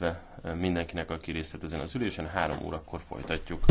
illetve mindenkinek, aki részt vett ezen az ülésen. Három órakor folytatjuk.